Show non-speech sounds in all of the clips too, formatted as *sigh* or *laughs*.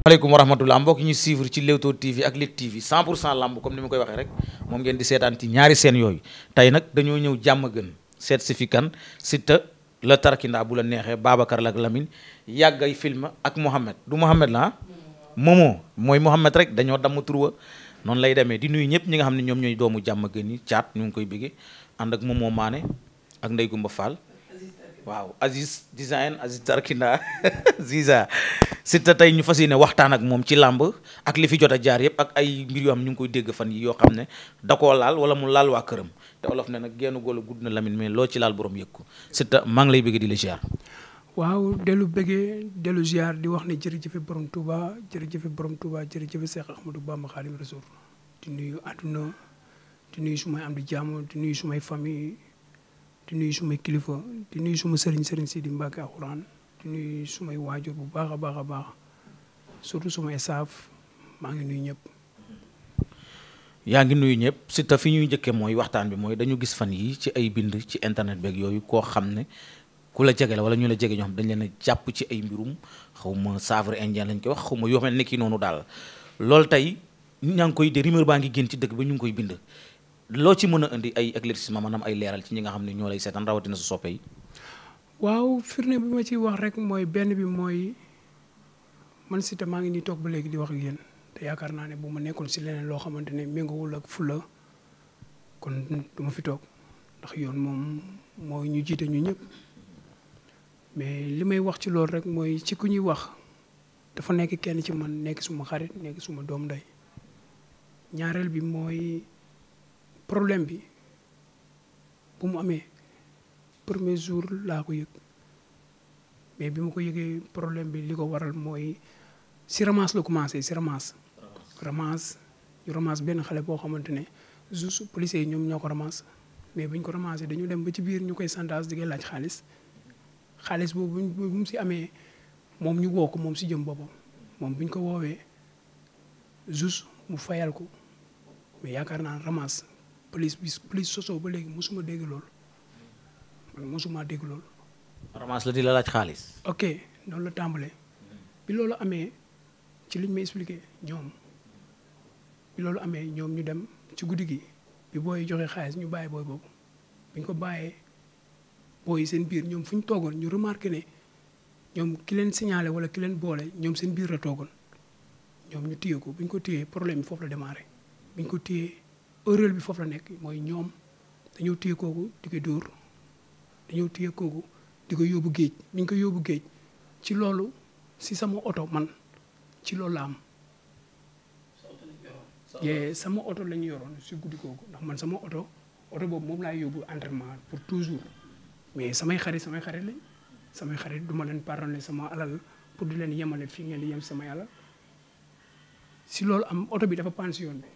maaleykum wa rahmatullah mbokk ñu suivre ci Leewtoo TV ak Lutte TV 100 pour cent lamb comme ni ma koy waxee rek moom ngeen di seetaan ci ñaari seen yooyu tey nag dañoo ñëw jàmm gën seet si fi kan Siteu la tarkindaa bu la neexee Babacar la ak Lamine yàggay film ak Mohamed du Mohamed la ah Momo mooy Mohamed rek dañoo damm turwa noonu lay demee di nuyu ñëpp ñi nga xam ne ñoom ñooy doomu jàmm gën yi caat ñu ngi koy biggee ànd ak Momo Mané ak Ndey Gumba Fall waaw Aziz design Aziz Tarkina *laughs* Ziza Siteu tey ñu fas yéene waxtaan ak moom ci làmb ak li fi jot a jaar yëpp ak ay mbir yoo xam ñu ngi koy dégg fan yi yoo xam ne da laal wala mu laal waa këram te olof ne nag genn golo gudd na Lamine mais loo ci laal borom yëg ko Siteu maa ngi lay bëgg di la ziar. waaw dellu bëggee dellu ziar di wax ne jërëjëfe borom Touba jërëjëfe borom Touba jërëjëfe Cheikh Ahmadou Bamba Khadim Rasoul di nuyu àdduna di nuyu sumay am di jàmm di nuyu sumay famille. di nuyu kilifa di nuyu suma sëriñ sëriñ si di Mbàkke alxuraan di nuyu sumay waajur bu baax a baax a baax surtout sumay saaf maa ngi nuyu ñëpp. yaa ngi nuyu ñëpp sita te fi ñuy njëkkee mooy waxtaan bi mooy dañu gis fan yi ci ay bind ci internet beeg yooyu koo xam ne ku la jege la wala ñu la jege ñoo xam dañ leen a jàpp ci ay mbirum xaw ma saafara indien lañ koy wax xaw ma yoo mel ne noonu daal. loolu tey ñaa ngi koy de rumeur baa ngi génn ci dëkk ba ñu ngi koy bind loo ci mën a indi ay éclaircissement maanaam ay leeral ci ñi nga xam ne ñoo lay seetaan rawatina su soppe yi. waaw firne bi ma ciy wax rek mooy benn bi mooy man Siteu maa ngi nii toog ba léegi di wax ak yéen te yaakaar naa ne bu ma nekkoon si leneen loo xamante ne méngoowul ak fula kon duma fi toog ndax yoon moom mooy ñu jiite ñu ñëpp mais li may wax ci loolu rek mooy ci ku ñuy wax dafa nekk kenn ci man nekk suma xarit nekki suma doom day ñaareel bi problème bi bu mu amee premier jour laa ko yëg mais bi mu ko yëgee problème bi li ko waral mooy si ramasse la commencé si ramasse. ramasse benn xale boo xamante ne juste policiers ñoom ñoo ko ramasse mais buñ ko ramassé dañu dem ba ci biir ñu koy santaas di laaj xaalis xaalis boobu bu mu si amee moom ñu woo ko moom si jëm boppam moom buñ ko woowee juste mu fayal ko mais yaakaar naa ramasse. police bi police sosoo ba léegi mosuma dégg loolu man mosuma dégg loolu. ramas la di la laaj xaalis. ok noonu la tàmbalee bi loolu amee ci liñ ma expliqué ñoom bi loolu amee ñoom ñu dem ci guddi gi bi booy joxe xaalis ñu bàyyi booy boobu bi ñu ko bàyyee booy seen biir ñoom fu ñu toogoon ñu remarqué ne ñoom ki leen signalé wala ki leen boole ñoom seen biir la toogoon ñoom ñu téye ko bu ñu ko téyee problème bi foofu la démarré bi ñu ko téyee. erreur bi foofu la nekk mooy ñoom dañoo téye kooku di ko dóor téye kooku di ko yóbbu géej bi ko yóbbu géej ci loolu si sama oto man ci loolu la am. sama oto la ñu yoroon si guddi kooku ndax man sama oto oto boobu moom laay yóbbu entraînement pour toujours mais samay xarit samay xarit lañ samay xarit duma leen pardonné sama alal pour di leen yemale fii ngeen li yem sama alal si loolu am oto bi dafa panne yoon bi.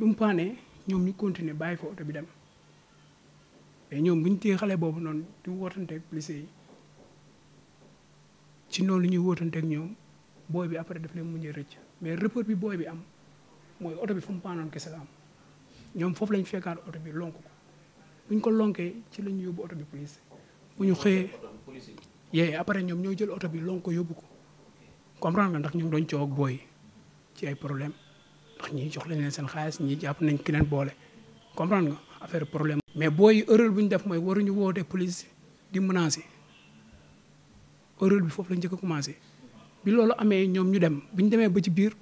bi mu paanee ñoom ñu continuer bàyyi fa oto bi dem mais ñoom bu ñu téye xale boobu noonu di wootanteeg policier yi ci noonu ñuy wootanteeg ñoom booy bi après daf leen mujjee rëcc mais report bi booy bi am mooy oto bi fu mu paanoon kese la am ñoom foofu lañ fekkaat auto bi lonk ko buñ ko lonkee ci lañ yóbbu oto bi police bu ñu xëyee yee après ñoom ñoo jël oto bi lonk ko yóbbu ko comprendre nga ndax ñu ngi doon coow ak booy ci ay problème ndax ñii jox lañ seen xaalis ñii jàpp nañ ki leen boole comprendre nga affaire problème mais booy erreur bu ñu def mooy waruñu de police di menacer erreur bi foofu la njëkk a commencé bi loolu amee ñoom ñu dem bu ñu demee ba ci biir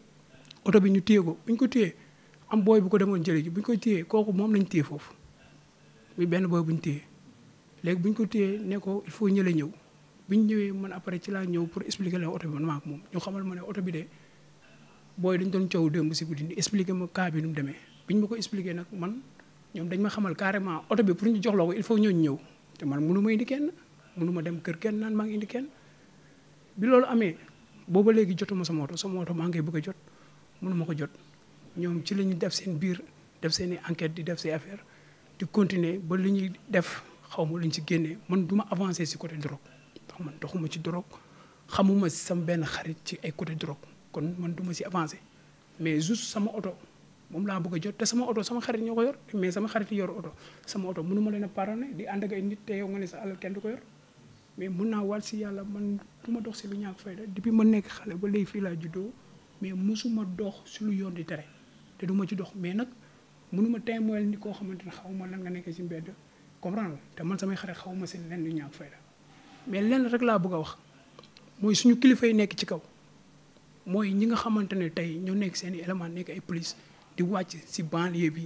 oto bi ñu téye ko bu ñu ko téyee am booy bu ko demoon jëli ji bu ñu ko téyee kooku moom lañ téye foofu muy benn booy bu ñu téyee léegi buñ ko téyee ne ko il faut ñële ñëw bu ñu ñëwee man après ci laa ñëw pour expliquer leen oto bi man maa moom ñu xamal ma ne oto bi de booy dañ doon coow démb si guddi ni expliqué ma cas bi nu mu demee biñ ma ko expliqué nag man ñoom dañ ma xamal carrément oto bi pour ñu jox la ko il faut ñooñu ñëw te man mënu ma indi kenn mënu ma dem kër kenn naan maa ngi indi kenn bi loolu amee booba léegi jotuma sama oto sama oto maa ngi bëgg jot mënu ma ko jot ñoom ci la ñu def seen biir def seen i enquête di def seen affaire di continuer ba lu ñuy def xaw ma lu ñu si génnee man duma ma avancé si côté drogue ndax man doxuma ci drogue xamuma sama benn xarit ci ay côté drogue kon man duma ma si avancé mais juste sama oto moom laa bëgg a jot te sama oto sama xarit ñoo ko yor mais sama xarit yor oto sama oto mënu leen a pardonné di ànd ak ay nit te yow nga ne sa alal kenn du ko yor mais mun naa wàll si yàlla man du ma dox si lu ñàkk fayda depuis ma nekk xale ba léegi fii laa juddoo mais mosuma dox si lu yoon di tere te du ci dox mais nag munuma ma tey mooy ni koo xamante ne xaw lan nga nekkee si mbedd comprendre te man samay xarit xaw ma leen lenn lu ñàkk fayda mais lenn rek laa bugg a wax mooy suñu kilifa yi nekk ci kaw. mooy ñi nga xamante ne tey ñoo nekk seen i élément nekk ay police di wàcc si banlier bi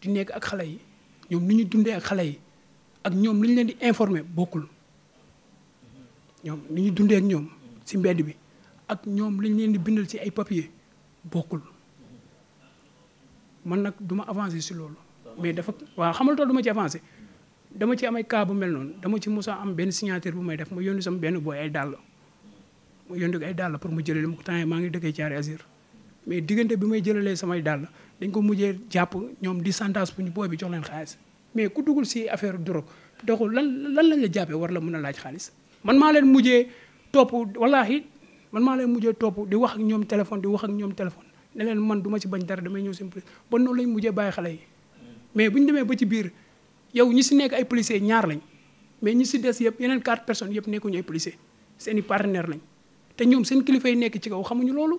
di nekk ak xale yi ñoom ni ñu dundee ak xale yi ak ñoom li ñu leen di informer bokkul ñoom ni ñu dundee ak ñoom si mbedd bi ak ñoom li ñu leen di bindal si ay papier bokkul man nag du ma avancer si loolu. mais dafa waaw xamal tool du ma ci avancer dama ci am ay mel noonu dama ci musa am benn signature bu may def ma yónni sama benn booy ay dàll. ma yónni ay dàll pour mu jëlale ma ko temps yi maa ngi dëkkee Thiaré Azur mais diggante bi may jëlalee samay dàll dañ ko mujjee jàpp ñoom di santage bu ñu booy bi jox leen xaalis mais ku dugul si affaire drogue doxul lan lan lañ la jàppee war la mën a laaj xaalis man maa leen mujjee topp wallaahi man maa leen mujjee topp di wax ak ñoom téléphone di wax ak ñoom téléphone ne man duma ma ci bañ dara damay ñëw seen police ba noonu lañ mujjee bàyyi xale yi mais bu ñu demee ba ci biir yow ñi si nekk ay policiers ñaar lañ mais ñi si des yëpp yeneen quatre personnes yëpp nekkuñu ay policiers seen lañ te ñoom seen kilifa yi nekk ci kaw xamuñu loolu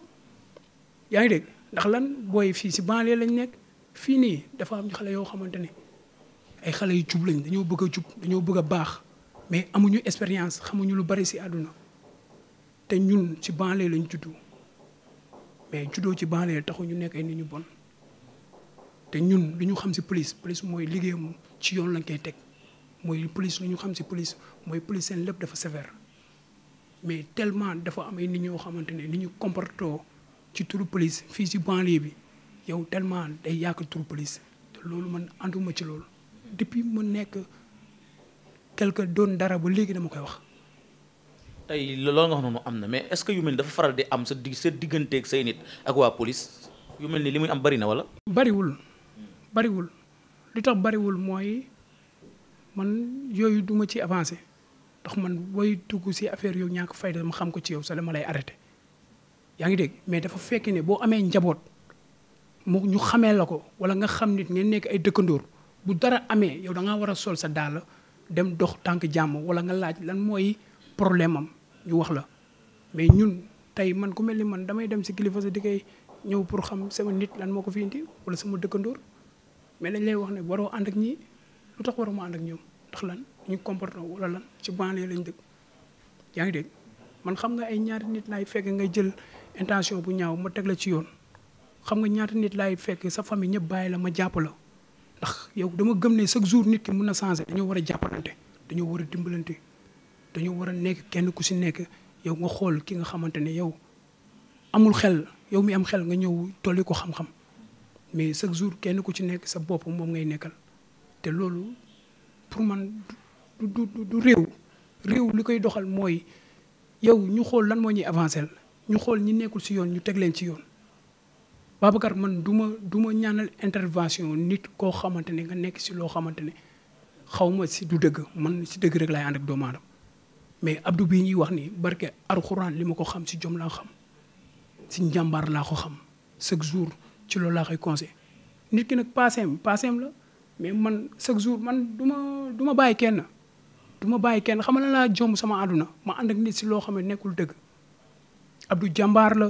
yaa ngi dégg ndax lan booy fii si banlieue lañ nekk fii nii dafa am xale yoo xamante ni ay xale yu jub lañ dañoo bëgg a jub dañoo bëgg a baax mais amuñu expérience xamuñu lu bari si àdduna te ñun ci banlieue lañ juddu mais juddoo ci banlieue taxu ñu nekk ay nit ñu bon te ñun lu ñu xam si police police mooy liggéey moom ci yoon lañ koy teg mooy police lu ñu xam si police mooy police seen lépp dafa sévère. mais tellement dafa am ay nit ñoo xamante ne ni ñu comportoo ci turu police fii ci banlieue bi yow tellement day yàq turu police te loolu man ànduma ci loolu deppuis mu nekk quelque doon dara ba léegi dama koy wax. tey loolu nga xam noonu am na mais est-ce que yu mel ni dafa faral di am sa dig sa digganteeg say nit ak waa police yu mel ni li muy am bari na wala. bariwul bariwul li tax bariwul mooy man yooyu duma ci avancé. ndax man booy tugg si affaire yow ñàkk fayda dama xam ko ci yow sa dama lay arrêté yaa ngi dégg mais dafa fekk ne boo amee njaboot mu ñu xamee la ko wala nga xam nit nga nekk ay dëkkandoor bu dara amee yow da ngaa war a sol sa daal dem dox tànk jàmm wala nga laaj lan mooy problème am ñu wax la mais ñun tey man ku mel ni man damay dem si kilifa sa di koy ñëw pour xam sama nit lan moo ko fi indi wala sama dëkkandoor mais lañ lay wax ne waroo ànd ak ñii lu tax waroo ànd ak ñoom lan ñu comporté wala lan ci banlieue lañ dëkk yaa ngi dégg man xam nga ay ñaari nit laay fekk nga jël intention bu ñaaw ma teg la ci yoon xam nga ñaata nit laay fekk sa famille ñëpp bàyyi la ma jàpp la ndax yow dama gëm ne chaque jour nit ki mun na changer dañoo war a jàppalante dañoo war a dimbalante dañoo war a nekk kenn ku si nekk yow nga xool ki nga xamante ne yow amul xel yow mi am xel nga ñëw tolli ko xam-xam mais chaque jour kenn ku ci nekk sa bopp moom ngay nekkal du du réew réew li koy doxal mooy yow ñu xool lan moo ñuy avancé ñu xool ñi nekkul ci yoon ñu teg leen ci yoon Babacar man du ma du ma ñaanal intervention nit koo xamante ne nga nekk ci loo xamante ne xaw ma ci du dëgg man ci dëgg rek laay ànd ak doomu aadama mais Abdou bii ñuy wax ni barke alxuraan li ma ko xam ci jom laa xam ci njàmbaar laa ko xam chaque jour ci loolu laa koy conseil nit ki nag passé am passé la mais man chaque jour man du ma du ma bàyyi kenn xamal laa jomb sama àdduna ma ànd ak nit si loo xam ne nekkul dëgg Abdou jàmbaar la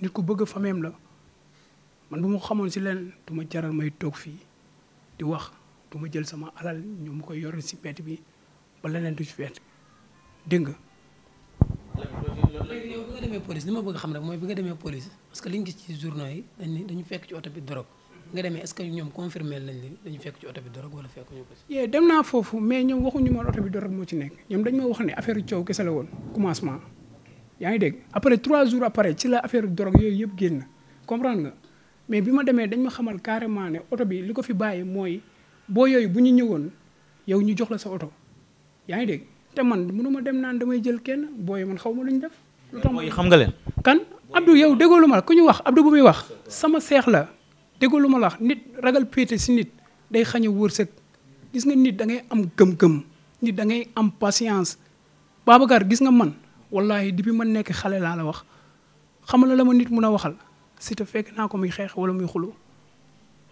nit ku bëgg fameem la man bu ma ko xamoon si leen du ma jaral may toog fii di wax du ma jël sama alal ñoom mu koy yor si bett bi ba leneen du ci bett dégg nga. léegi yow bi nga demee police li ma bëgg xam rek mooy bi nga dañu fekk ci oto bi drogue. nga demee est-ce que ñoom confirmé nañ ni dañu fekk ci oto bi dorog wala fekkuñu ko ci. yee dem naa foofu mais ñoom waxuñu ma oto bi dorog moo ci nekk ñoom dañ ma wax ne ma demee dañ ma xamal ne oto bi li ko fi bàyyi mooy boo yooyu bu ñu ñëwoon yow ñu jox la sa oto yaa ngi dégg te man mënuma dem naan damay jël kenn booy man xaw ma lu ñu def. lu tax xam nga leen. kan Abdou yow déggoolu ma ku ñu wax Abdou bu muy wax sama seex la. déggu lu ma la nit ragal péete si nit day xañ a wërsëg gis nga nit da ngay am gëm-gëm nit da ngay am patience Babacar gis nga man wallahi depuis man nekk xale laa la wax xamala la la ma nit mun a waxal si te fekk naa ko muy xeex wala muy xulu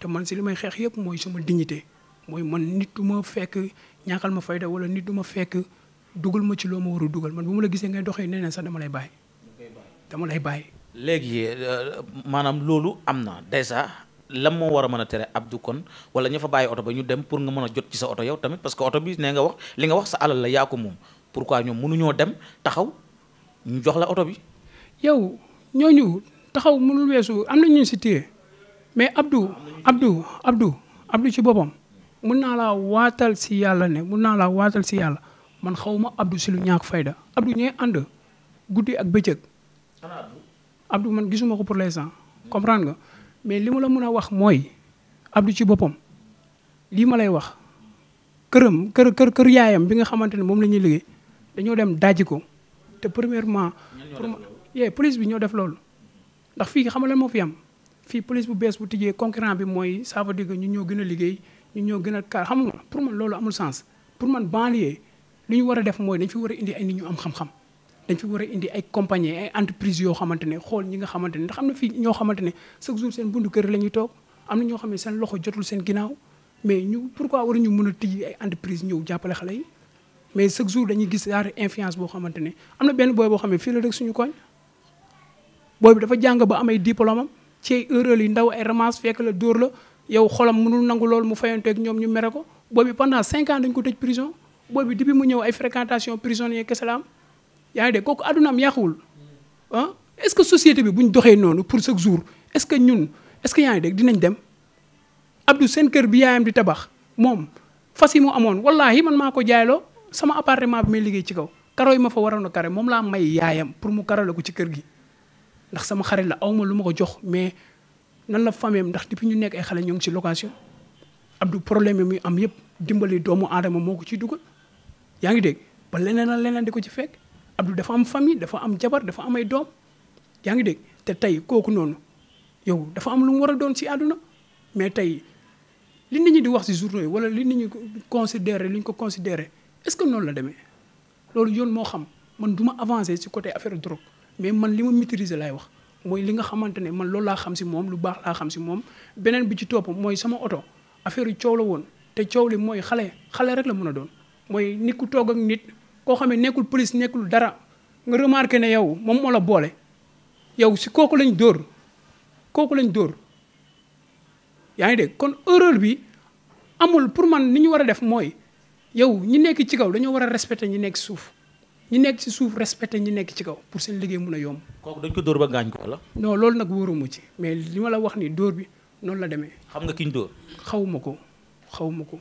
te man si li may xeex yëpp mooy sama dignité mooy man nit du ma fekk ñàkkal ma fayda wala nit du ma fekk dugal ma ci loo ma war dugal man bu ma la gisee ngay doxee neneen sax dama lay bàyyi dama lay bàyyi léegi euh, maanaam loolu am na déjà lan moo war a mën a tere Abdou kon wala ña fa bàyyi oto ba ñu dem pour nga mën a jot ci sa oto yow tamit parce que oto bi nee nga wax li nga wax sa alal la yaa ko moom pourquoi ñoom mënuñoo dem taxaw ñu jox la oto bi. yow ñooñu taxaw mënul weesu am na ñu si téye mais Abdou Abdou Abdou abdu ci boppam mun naa laa waatal si yàlla ne mun naa laa waatal si yàlla man xaw ma Abdou si lu ñàkk fayda Abdou ñooy ànd guddi ak bëccëg. Abdou man gisuma ko pour l'instant comprendre nga. mais li ma la mën a wax mooy Abdou ci boppam lii ma lay wax këram kër kër kër yaayam bi nga xamante ne moom la ñuy liggéey dañoo dem dajji ko te premièrement. pour ma police bi ñoo def loolu. ndax fii xam nga moo fi am fii police bu bees bu tijee concurrent bi mooy ça veut dire que ñoo gën a liggéey ñu ñoo gën a kaar xam nga pour man loolu amul sens pour man banlieue li ñu war a def mooy dañ fi war a indi ay ñu am xam-xam. dañ fi war a indi ay compagnie ay entreprise yoo xamante ne xool ñi nga xamante ne ndax am na fii ñoo xamante ne chaque jour seen buntu kër la ñuy toog am na ñoo xam ne seen loxo jotul seen ginnaaw mais ñu pourquoi ñu mën a tijji ay entreprise ñëw jàppale xale yi mais chaque jour dañuy gis yaar influence boo xamante ne am na benn booy boo xam ne fii la rek suñu koñ booy bi dafa jàng ba amay diplôme am ci ay erreur yi ndaw ay remance fekk la dóor la yow xolam mënul nangu loolu mu fayanteeg ñoom ñu mere ko booy bi pendant cinq ans dañ ko tëj prison booy mu ñëw ay fréquentation prisonnier kese la yaa ngi dégg kooku àddunaam yàquwul ah est-ce que société bi bu ñu doxee noonu pour chaque jour est-ce que ñun est-ce que yaa ngi dégg dinañ dem Abdou seen kër bi yaayam di tabax moom fas yi mu amoon wallaahi man maa ko jaayloo sama appartement bi may liggéey ci kaw karo ma fa waroon na kare moom laa may yaayam pour mu karale ko ci kër gi ndax sama xarit la awma lu ma ko jox mais nan na fameem ndax depuis ñu nekk ay xale ñoo ngi ci location Abdou problème yi muy am yëpp dimbali doomu aadama moo ko ciy dugal yaa ngi dégg ba leneen la leneen di ko ci fekk Abdou dafa am famille dafa am jabar dafa am ay doom yaa ngi dégg te tey kooku noonu yow dafa am lu mu war a doon si àdduna mais tey li nit ñi di wax si journaux yi wala li nit ñi considéré li ñu ko considéré est-ce que noonu la demee loolu yoon moo xam man du ma avancé si côté affaire drogue mais man li ma maîtriser laay wax mooy li nga xamante ne man loolu laa xam si moom lu baax laa xam si moom beneen bi ci topp mooy sama oto affaire yu coow la woon te coow li mooy xale xale rek la mën a doon koo xam ne nekkul police nekkul dara nga remarqué ne yow moom moo la boole yow si kooku lañ dóor kooku lañ dóor yaa ngi de kon erreur bi amul pour man ni ñu war a def mooy yow ñu nekk ci kaw dañoo war a respecté ñu nekk suuf ñu nekk si suuf respecté ñu nekk ci kaw pour seen liggéey mun a yomb. kooku dañ ko dóor ba gaañ ko wala. non loolu nag wóoruma ci mais li ma la wax ni dóor bi noonu la demee. xam nga ki ñu xaw ma ko xaw ko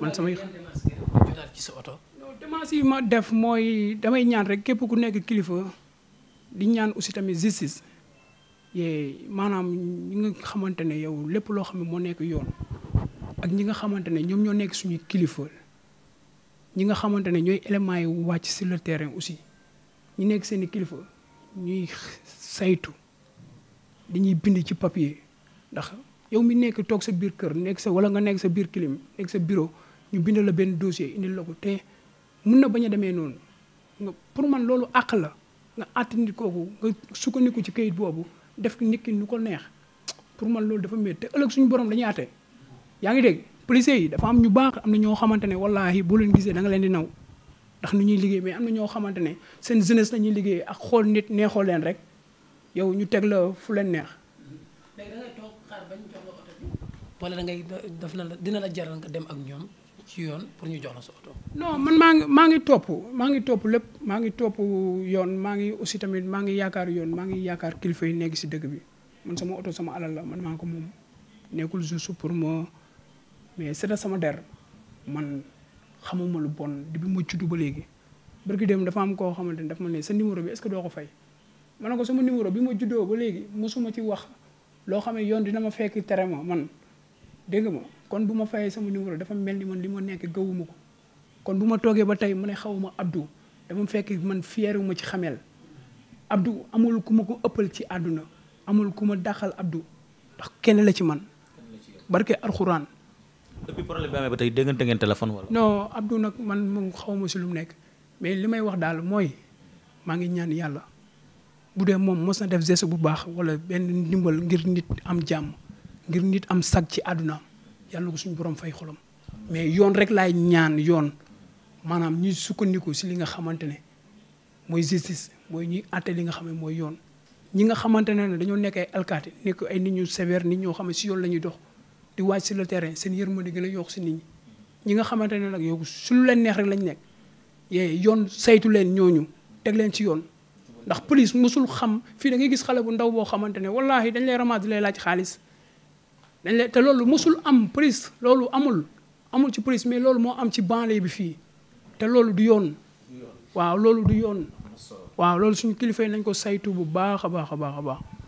man ci sa oto. démarche yi ma def mooy damay ñaan rek képp ku nekk kilifa di ñaan aussi tamit justice maanaam ñi nga xamante ne yow lépp loo xam ne moo nekk yoon ak ñi nga xamante ne ñoom ñoo nekk suñuy kilifa ñi nga xamante ne ñooy éléments yi wàcc si le terrain aussi ñu nekk seen i kilifa ñuy saytu dañuy bind ci papier ndax yow mi nekk toog sa biir kër nekk sa wala nga nekk sa biir clim nekk sa bureau ñu bind la benn dossier indi la ko te. mun na bañ a demee noonu nga pour man loolu àq la nga àtt nit kooku nga sukkandiku ci kayit boobu def ki nikki nu ko neex pour man loolu dafa métti te ëllëg suñu borom dañuy àtte yaa ngi dégg policiers yi dafa am ñu baax am na ñoo xamante ne wallaahi boo leen gisee danga leen di naw ndax nu ñuy liggéey mais am na ñoo xamante ne seen jeunesse la ñuy liggéey ak xool nit neexoo leen rek yow ñu teg la fu leen neex. léegi da ngay toog xaar bañ la oto dina la jaral nga dem ak ñoom. ci yoon pour ñu jox la sa oto. non man maa ngi maa ngi topp maa ngi topp lépp maa ngi topp yoon maa ngi aussi tamit maa ngi yaakaar yoon maa ngi yaakaar kilifa yi nekk si dëkk bi man sama oto sama alal la man maa ko moom nekkul juste pour ma mais c'est sama der man xamuma lu bon depuis ma juddu ba léegi. barki dem dafa am koo xamante ne dafa ma ne sa numéro bi est-ce doo ko fay ma ne ko sama numéro bi ma juddoo ba léegi mosuma ci wax loo xam yoon dina ma fekk tere ma man. dégg nga ma kon bu ma fayee sama numéro dafa mel ni man li ma nekk gawuma ko kon bu ma toogee ba tey mu ne xawuma Abdou dama fekk man fieruma ci xameel abdu amul ku ma ko ëppal ci àdduna amul ku ma dàqal Abdou ndax kenn la ci man barke alxuraan. depuis problème ba tey déggante ngeen téléphone wala. non Abdou nag man moom xawma si lu mu nekk mais li may wax daal mooy maa ngi ñaan yàlla bu dee moom mos na def geste bu baax wala benn ndimbal ngir nit am jàmm. ngir nit am sag ci àdduna yàlla ko suñu borom fay xolam mais yoon rek laay ñaan yoon maanaam ñuy sukkandiku si li nga xamante ne mooy justice mooy ñuy àtte li nga xam ne mooy yoon ñi nga xamante ne dañoo nekk ay alkaati nekk ay nit ñu sever nit ñoo xam ne si yoon la ñuy dox di wàcc sur le terrain seen yërmande gën a yokk si nit ñi nga xamante ne nag yow su lu leen neex rek lañ nekk yoon saytu leen ñooñu teg leen ci yoon ndax police mosul xam fii da ngay gis xale bu ndaw boo xamante ne wallaahi dañ lay ramasse di lay laaj xaalis dañ leen te loolu mosul am prise loolu amul amul ci prise mais loolu moo am ci banlieue bi fii te loolu du yoon waaw loolu du yoon waaw loolu suñu kilifa nañ ko saytu bu baax a baax a baax a baax